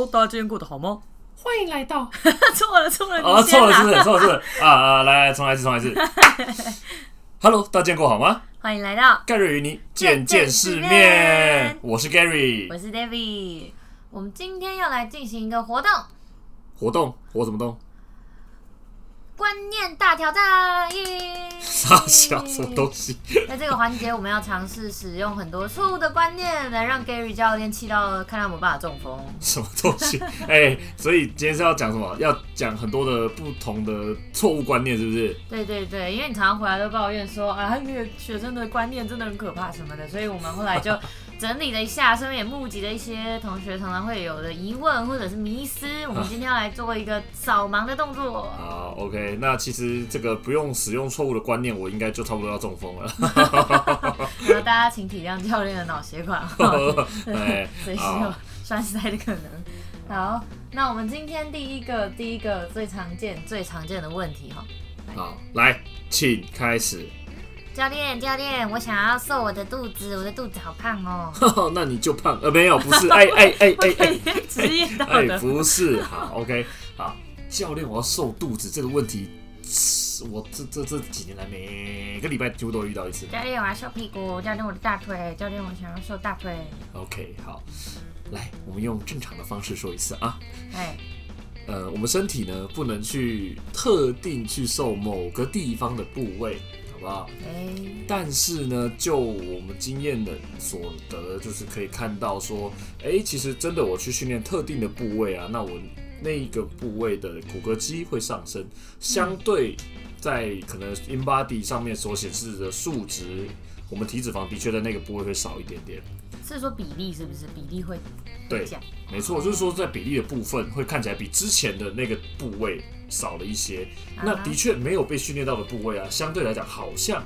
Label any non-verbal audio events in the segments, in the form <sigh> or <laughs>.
哦、大家見過的好嗎？歡迎來到，錯了錯了，錯了啊錯、啊、了是錯了是是 <laughs> 啊啊,啊，來重來一次重來一次。一次 <laughs> Hello，大家見過好嗎？歡迎來到蓋瑞與你見見世面。見見世面我是 Gary。我是 David，我們今天要來進行一個活動，活動活怎麼動？觀念大挑戰。Yeah! 殺小什麼東西？在這個環節，我們要嘗試使用很多錯誤的觀念，來讓 Gary 教練氣到看他有沒有辦法中風。 <laughs> 什麼東西？哎、欸，所以今天是要講什麼？要講很多的不同的錯誤觀念，是不是？對對對，因為你常常回來都抱怨說，哎、啊，那個學生的觀念真的很可怕什麼的，所以我們後來就。 <laughs> 整理了一下，順便也募集了一些同學常常會有的疑問或者是迷思。啊、我們今天要來做一個掃盲的動作。好，OK。那其實這個不用使用錯誤的觀念，我應該就差不多要中風了。然後哈 <laughs> <laughs> 大家請體諒教練的腦血管， <laughs> 哦、對，隨時有栓塞的可能。好，那我們今天第一個第一個最常見最常見的問題哈。好，來，請開始。教練，教練，我想要瘦我的肚子，我的肚子好胖哦。呵呵，那你就胖，呃，沒有，不是，哎哎哎哎，職業道德， <laughs> 哎，不是，好，okay，好，教練，我要瘦肚子這個問題，我這這這幾年來每個禮拜幾乎都遇到一次。教練，我要瘦屁股，教練，我的大腿，教練，我想要瘦大腿。OK，好，來，我們用正常的方式說一次啊。哎，呃，我們身體呢，不能去特定去瘦某個地方的部位。好不好，哎、欸，但是呢，就我們經驗的所得，就是可以看到說，誒、欸，其實真的我去訓練特定的部位啊，那我那一個部位的骨骼肌會上升，相對在可能 InBody 上面所顯示的數值。我們體脂肪的確在那個部位會少一點點，是說比例是不是？比例會對？沒錯，就是說在比例的部分會看起來比之前的那個部位少了一些。那的確沒有被訓練到的部位啊，相對來講好像，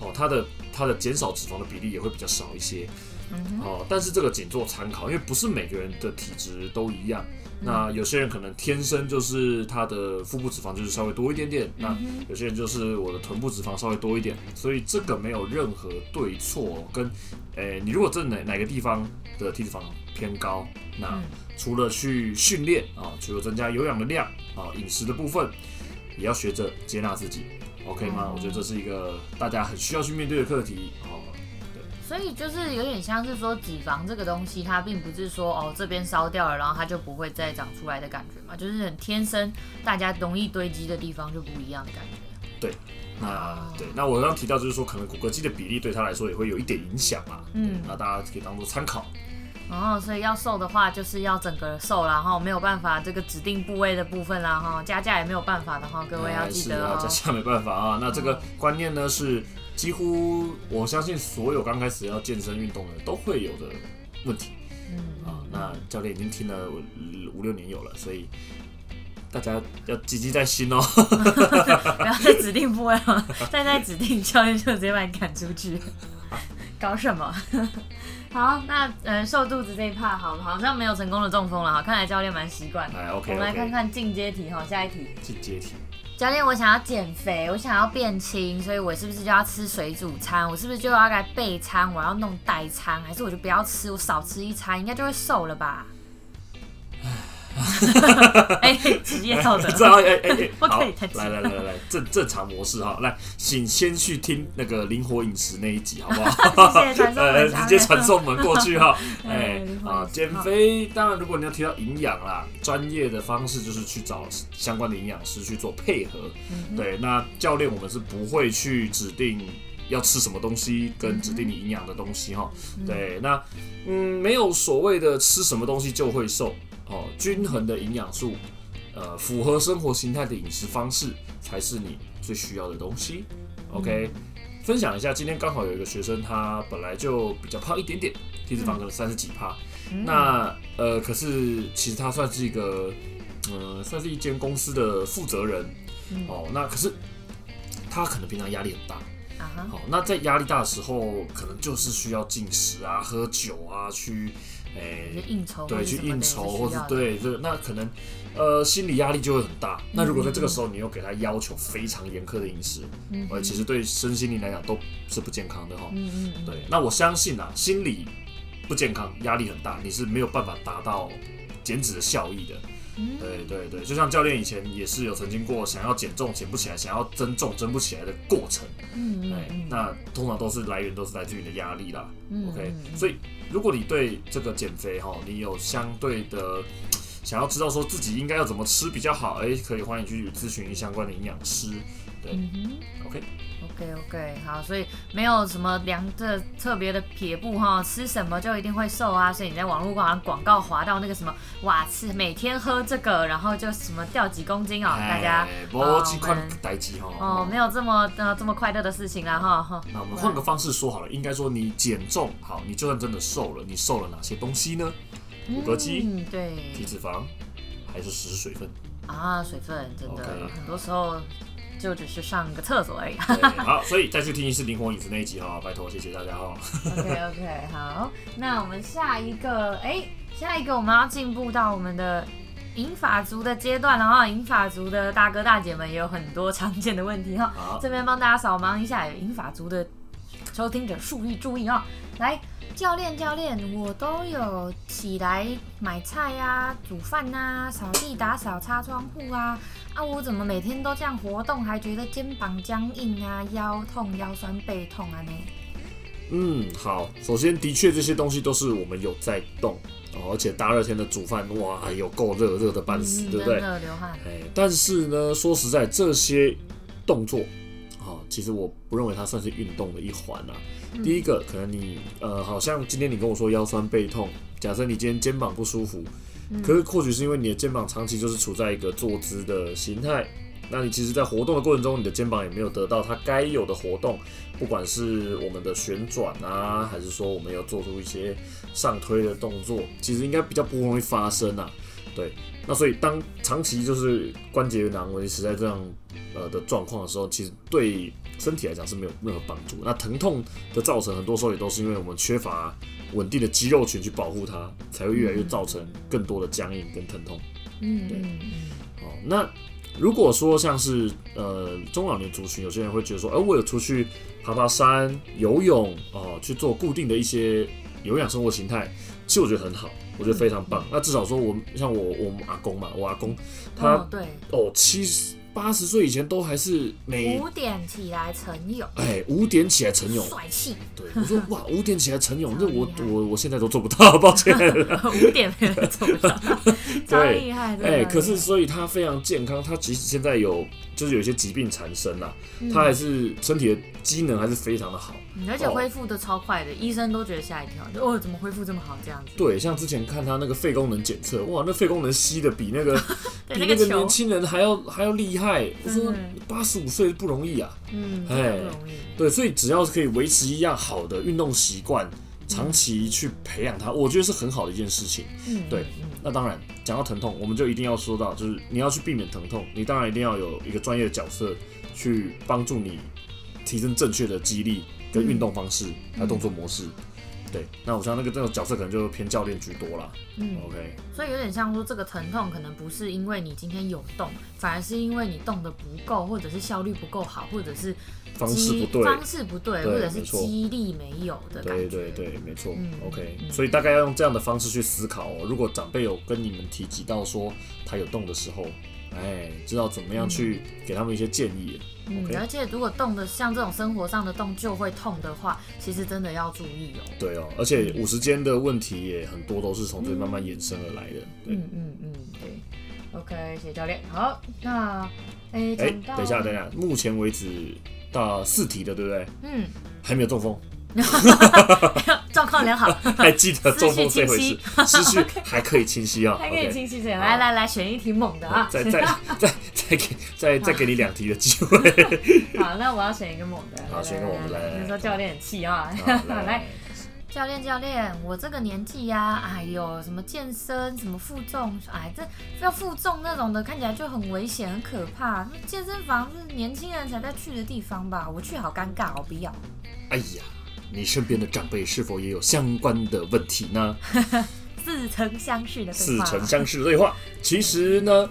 哦，它的它的減少脂肪的比例也會比較少一些。嗯、哦，但是這個僅做參考，因為不是每個人的體質都一樣。那有些人可能天生就是他的腹部脂肪就是稍微多一點點，那有些人就是我的臀部脂肪稍微多一點，所以這個沒有任何對錯、哦。跟，誒、欸，你如果這哪哪個地方的體脂肪偏高，那除了去訓練啊，除了增加有氧的量啊，飲、哦、食的部分也要學着接納自己、嗯、哼，OK 嗎？我覺得這是一個大家很需要去面對的課題，好、哦。所以就是有點像是說脂肪這個東西，它並不是說哦，這邊燒掉了，然後它就不會再長出來的感覺嘛，就是很天生大家容易堆積的地方就不一樣的感覺啊。對，啊對，那我剛剛提到就是說，可能骨骼肌的比例對他來說也會有一點影響嘛，嗯，那大家可以當做參考。哦，所以要瘦的話，就是要整個瘦啦哈，沒有辦法這個指定部位的部分啦哈，加價也沒有辦法的哈，各位要記得、喔嗯，是啊、加價沒辦法啊。那這個觀念呢，是幾乎我相信所有剛開始要健身運動的都會有的問題。嗯。啊，那教練已經聽了五,五六年有了，所以大家要謹記在心哦、喔。不要 <laughs> 在指定部位嗎？站 <laughs> 在指定教練就直接把你趕出去。啊、搞什麼？好，那呃，瘦肚子這一趴，好，好像沒有成功的中風了。好，看來教練蠻習慣的。哎、okay, okay. 我們來看看進階題哈，下一題。進階題，教練，我想要減肥，我想要變輕，所以我是不是就要吃水煮餐？我是不是就要該備餐？我要弄代餐，還是我就不要吃？我少吃一餐，應該就會瘦了吧？哎，職業的，道哎，好，來來來來正正常模式哈，來，請先去聽那個靈活飲食那一集好不好？直接傳送門過去哈，哎啊，減肥當然，如果你要提到營養啦，專業的方式就是去找相關的營養師去做配合。對，那教練我們是不會去指定要吃什麼東西，跟指定你營養的東西哈。對，那嗯，沒有所謂的吃什麼東西就會瘦。哦，均衡的營養素，呃，符合生活形態的飲食方式才是你最需要的東西。OK，、嗯、分享一下，今天剛好有一個學生，他本來就比較胖一點點，體脂肪可能三十幾趴。嗯、那呃，可是其實他算是一個，嗯、呃，算是一間公司的負責人。嗯、哦，那可是他可能平常壓力很大。嗯、好，那在壓力大的時候，可能就是需要進食啊，喝酒啊，去。哎，欸、應酬，對，去應酬，是或是對，這那可能，呃，心理壓力就會很大。嗯嗯，那如果在這個時候你又給他要求非常嚴苛的飲食，嗯哼，其實對身心靈來講都是不健康的哈。嗯嗯對，那我相信啊，心理不健康，壓力很大，你是沒有辦法達到減脂的效益的。 <noise> 對對對，就像教練以前也是有曾經過想要減重減不起來，想要增重增不起來的過程， <noise> 對，那通常都是來源都是來自於你的壓力啦。 <noise> OK，所以如果你對這個減肥哈，你有相對的想要知道說自己應該要怎麼吃比較好，誒、欸，可以歡迎去諮詢相關的營養師。對 <noise> ，OK。OK OK 好，所以沒有什麼量的特別的撇步哈，吃什麼就一定會瘦啊。所以你在網絡上廣告滑到那個什麼，哇，是每天喝這個，然後就什麼掉幾公斤哦。大家，無幾快樂代誌哦。沒有這麼呃這麼快樂的事情啊哈。那我們換個方式說好了，對應該說你減重好，你就算真的瘦了，你瘦了哪些東西呢？骨骼肌，對，體脂肪，還是食水分？啊，水分真的 Okay. 很多時候。就只是上個廁所而已。好，所以再次聽一次《靈魂影子》那一集哈，拜托，謝謝大家哈。OK OK，好，那我們下一個，哎、欸，下一個我們要進步到我們的銀髮族的階段了哈、哦。銀髮族的大哥大姐們也有很多常見的問題哈、哦。好，這邊幫大家掃盲一下，銀髮族的收聽者注意注意啊，來，教練教練，我都有起來買菜呀、啊、煮飯啊，掃地打掃擦窗戶啊。啊，我怎麼每天都這樣活動，還覺得肩膀僵硬啊，腰痛、腰酸背痛啊呢？嗯，好，首先的確這些東西都是我們有在動，哦、而且大熱天的煮飯，哇，有夠熱，熱的半死，嗯、對不對？嗯、流汗。哎、欸，但是呢，說實在，這些動作啊、哦，其實我不認為它算是運動的一環啊。嗯、第一個，可能你呃，好像今天你跟我說腰酸背痛，假設你今天肩膀不舒服。可是，或許是因為你的肩膀長期就是處在一個坐姿的形態，那你其實，在活動的過程中，你的肩膀也沒有得到它該有的活動，不管是我們的旋轉啊，還是說我們要做出一些上推的動作，其實應該比較不容易發生啊。對，那所以當長期就是關節囊維持在這樣呃的狀況的時候，其實對身體來講是沒有任何幫助。那疼痛的造成，很多時候也都是因為我們缺乏穩定的肌肉群去保護它，才會越來越造成更多的僵硬跟疼痛。嗯對哦，那如果說像是呃中老年族群，有些人會覺得說，哎、呃，我有出去爬爬山、游泳哦、呃，去做固定的一些有氧生活形態，其實我覺得很好。我覺得非常棒。嗯嗯，那至少說我，我像我，我們阿公嘛，我阿公他，他哦，七十。八十歲以前都還是每五點起來晨泳。哎，五點起來晨泳。帥氣。對，我說哇，五點起來晨泳。那我我我現在都做不到，抱歉了。五點還做不到，太厲害。哎，可是所以他非常健康，他即使現在有就是有些疾病纏身了，他還是身體的機能還是非常的好，而且恢復的超快的，醫生都覺得嚇一跳，哦怎麼恢復這麼好這樣子。對，像之前看他那個肺功能檢測，哇，那肺功能吸的比那個。比那個，比個年輕人還要還要厲害。嗯、我說八十五歲不容易啊，嗯，哎嘿，不容易，對，所以只要是可以維持一樣好的運動習慣，長期去培養它，嗯、我覺得是很好的一件事情，嗯，對，那當然講到疼痛，我們就一定要說到，就是你要去避免疼痛，你當然一定要有一個專業的角色去幫助你提升正確的肌力跟運動方式，還有，嗯、動作模式。嗯嗯對，那我像那個這、那個角色可能就偏教練居多啦。嗯，OK，所以有點像說這個疼痛可能不是因為你今天有動，反而是因為你動得不夠，或者是效率不夠好，或者是方式不對，方式不對，對，或者是肌力沒，錯沒有的。對對對，沒錯。嗯、OK，、嗯、所以大概要用這樣的方式去思考哦。如果長輩有跟你們提及到說他有動的時候。哎，知道怎麼樣去給他們一些建議。嗯，Okay 而且如果動的像這種生活上的動就會痛的話，其實真的要注意哦。對哦，而且五十肩的問題也很多都是從這慢慢衍生而來的。嗯對嗯嗯，嗯，對。OK，謝謝教練。好，那哎，等一下，等一下，目前為止到四題的，對不對？嗯，還沒有中風。狀況良好，還記得中風這回事，思緒還可以清晰啊，還可以清晰點。來來來，選一題猛的啊，再再再再給再再給你兩題的機會。好，那我要選一個猛的。好，選一個猛的。你說教練很氣啊？好來，教練教練，我這個年紀呀，哎呦，什麼健身，什麼負重，哎，這要負重那種的，看起來就很危險，很可怕。健身房是年輕人才在去的地方吧？我去好尷尬，我不要。哎呀。你身邊的長輩是否也有相關的問題呢？似曾相識的對話，似曾相識的對話，其實呢，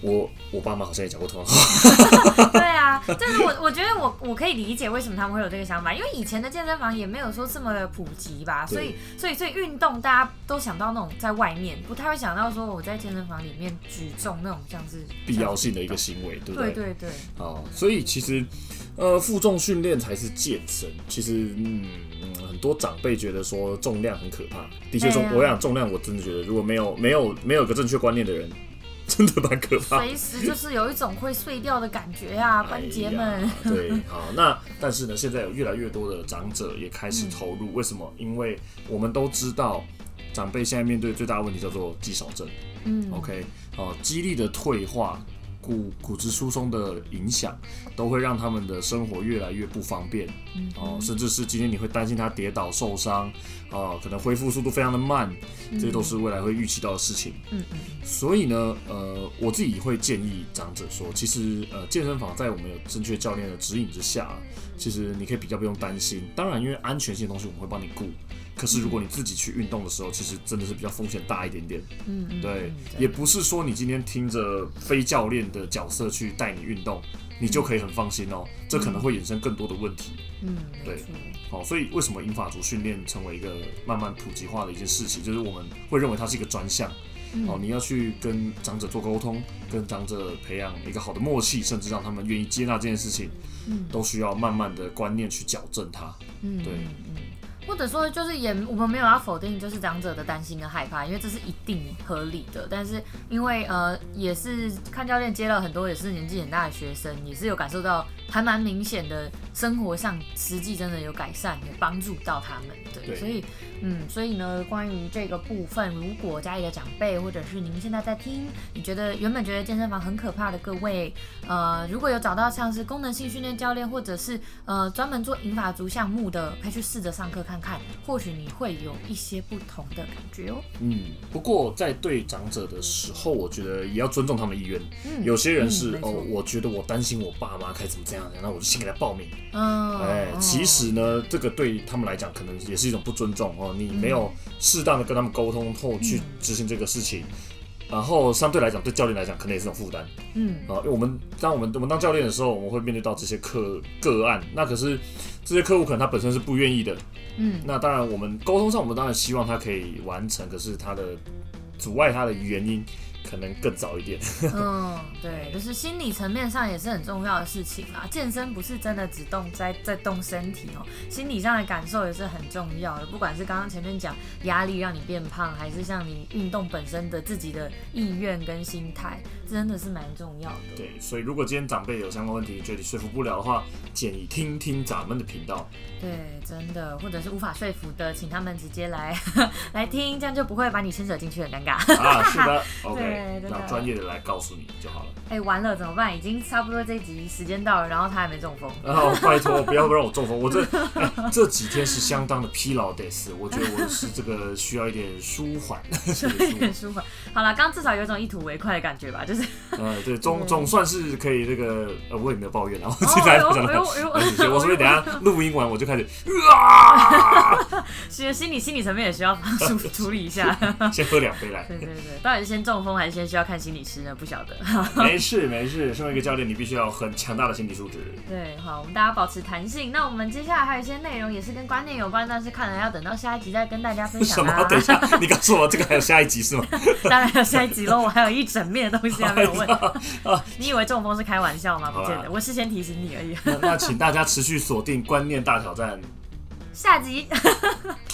我。我爸媽好像也講過同樣話。 <laughs> 對啊，但、就是我，我覺得我我可以理解為什麼他們會有這個想法，因為以前的健身房也沒有說這麼的普及吧，對所以所以所以運動大家都想到那種在外面，不太會想到說我在健身房裡面舉重那種像是必要性的一個行為，對不對？對對,對所以其實呃，負重訓練才是健身。其實嗯，很多長輩覺得說重量很可怕，的確說、欸啊、我講重量，我真的覺得如果沒有沒有沒有個正確觀念的人。真的蠻可怕，隨時就是有一種會碎掉的感覺，啊 <laughs> 哎呀，關節們。對，好，那但是呢，現在有越來越多的長者也開始投入，嗯、為什麼？因為我們都知道，長輩現在面對最大的問題叫做肌少症，嗯，OK，哦，肌力的退化。骨骨質疏鬆的影響都會讓他們的生活越來越不方便，哦、嗯啊，甚至是今天你會擔心他跌倒受傷，啊，可能恢復速度非常的慢，這些都是未來會預期到的事情。嗯，所以呢，呃，我自己會建議長者說，其實呃，健身房在我們有正確教練的指引之下，其實你可以比較不用擔心。當然，因為安全性的東西我們會幫你顧。可是，如果你自己去運動的時候，其實真的是比較風險大一點點。嗯，對，也不是說你今天聽着非教練的角色去帶你運動，你就可以很放心哦。這可能會衍生更多的問題。嗯，對，好，所以為什麼銀髮族訓練成為一個慢慢普及化的一件事情？就是我們會認為它是一個專項。好，你要去跟長者做溝通，跟長者培養一個好的默契，甚至讓他們願意接納這件事情，都需要慢慢的觀念去矯正它。嗯，對。或者說，就是也，我們沒有要否定，就是長者的擔心跟害怕，因為這是一定合理的。但是，因為呃，也是看教練接了很多，也是年紀很大的學生，也是有感受到，還蠻明顯的。生活上實際真的有改善，有幫助到他們，對，對所以，嗯，所以呢，關於這個部分，如果家裡的長輩，或者是你們現在在聽，你覺得原本覺得健身房很可怕的各位，呃，如果有找到像是功能性訓練教練，或者是呃專門做銀髮族項目的，可以去試着上課看看，或許你會有一些不同的感覺哦、喔。嗯，不過在對長者的時候，我覺得也要尊重他們的意願，嗯、有些人是、嗯、哦，錯我覺得我擔心我爸媽該怎麼這樣，那我就先給他報名。哎， <noise> 其實呢，這個對他們來講可能也是一種不尊重哦。你沒有適當的跟他們溝通後去執行這個事情，然後相對來講對教練來講可能也是一種負擔。嗯，啊，因為我們當我們我們當教練的時候，我們會面對到這些客個案，那可是這些客戶可能他本身是不願意的。嗯，那當然我們溝通上我們當然希望他可以完成，可是他的阻礙他的原因。可能更早一點。嗯，對，就是心理層面上也是很重要的事情啊。健身不是真的只動在在動身體哦、喔，心理上的感受也是很重要的。不管是剛剛前面講壓力讓你變胖，還是像你運動本身的自己的意願跟心態，真的是蠻重要的、嗯。對，所以如果今天長輩有相關問題覺得你說服不了的話，建議聽聽咱們的頻道。對，真的，或者是無法說服的，請他們直接來來聽，這樣就不會把你牽扯進去很尷尬。啊，是的，OK。讓專業的來告訴你就好了。哎，完了怎麼辦？已經差不多這一集時間到了，然後他還沒中風。然後拜托，不要讓我中風！我這這幾天是相當的疲勞，得是，我覺得我是這個需要一點舒緩，一點舒緩。好了，剛至少有一種一吐為快的感覺吧，就是。嗯，對，總總算是可以這個，我也沒有抱怨，然後接下來不能抱怨。我是不是等下錄音完我就開始啊。其實心理心理層面也需要處處理一下。先喝兩杯來。對對對，到底是先中風還？先需要看心理師呢，不曉得。沒事沒事，身為一個教練，你必須要很強大的心理素質。對，好，我們大家保持彈性。那我們接下來還有一些內容，也是跟觀念有關，但是看來要等到下一集再跟大家分享、啊、什麼？等一下，你告訴我這個還有下一集是嗎？當然 <laughs> 有下一集咯，我還有一整面的東西還沒有問。 <laughs> 你以為中風是開玩笑嗎？不見得，吧我事先提醒你而已。那，那請大家持續鎖定《觀念大挑戰》嗯、下集。 <laughs>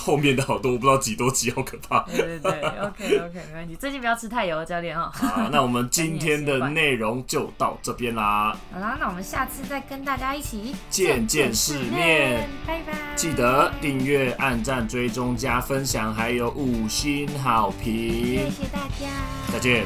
後面的好多我不知道幾多集，好可怕。對對對 <laughs> ，OK OK，沒問題。最近不要吃太油，教練哈。好啊， <laughs> 那我們今天的內容就到這邊啦。 <laughs> 好啦，那我們下次再跟大家一起見見世面。見見世面。拜拜，記得訂閱、按讚、追蹤、加分享，還有五星好評。謝謝大家，再見。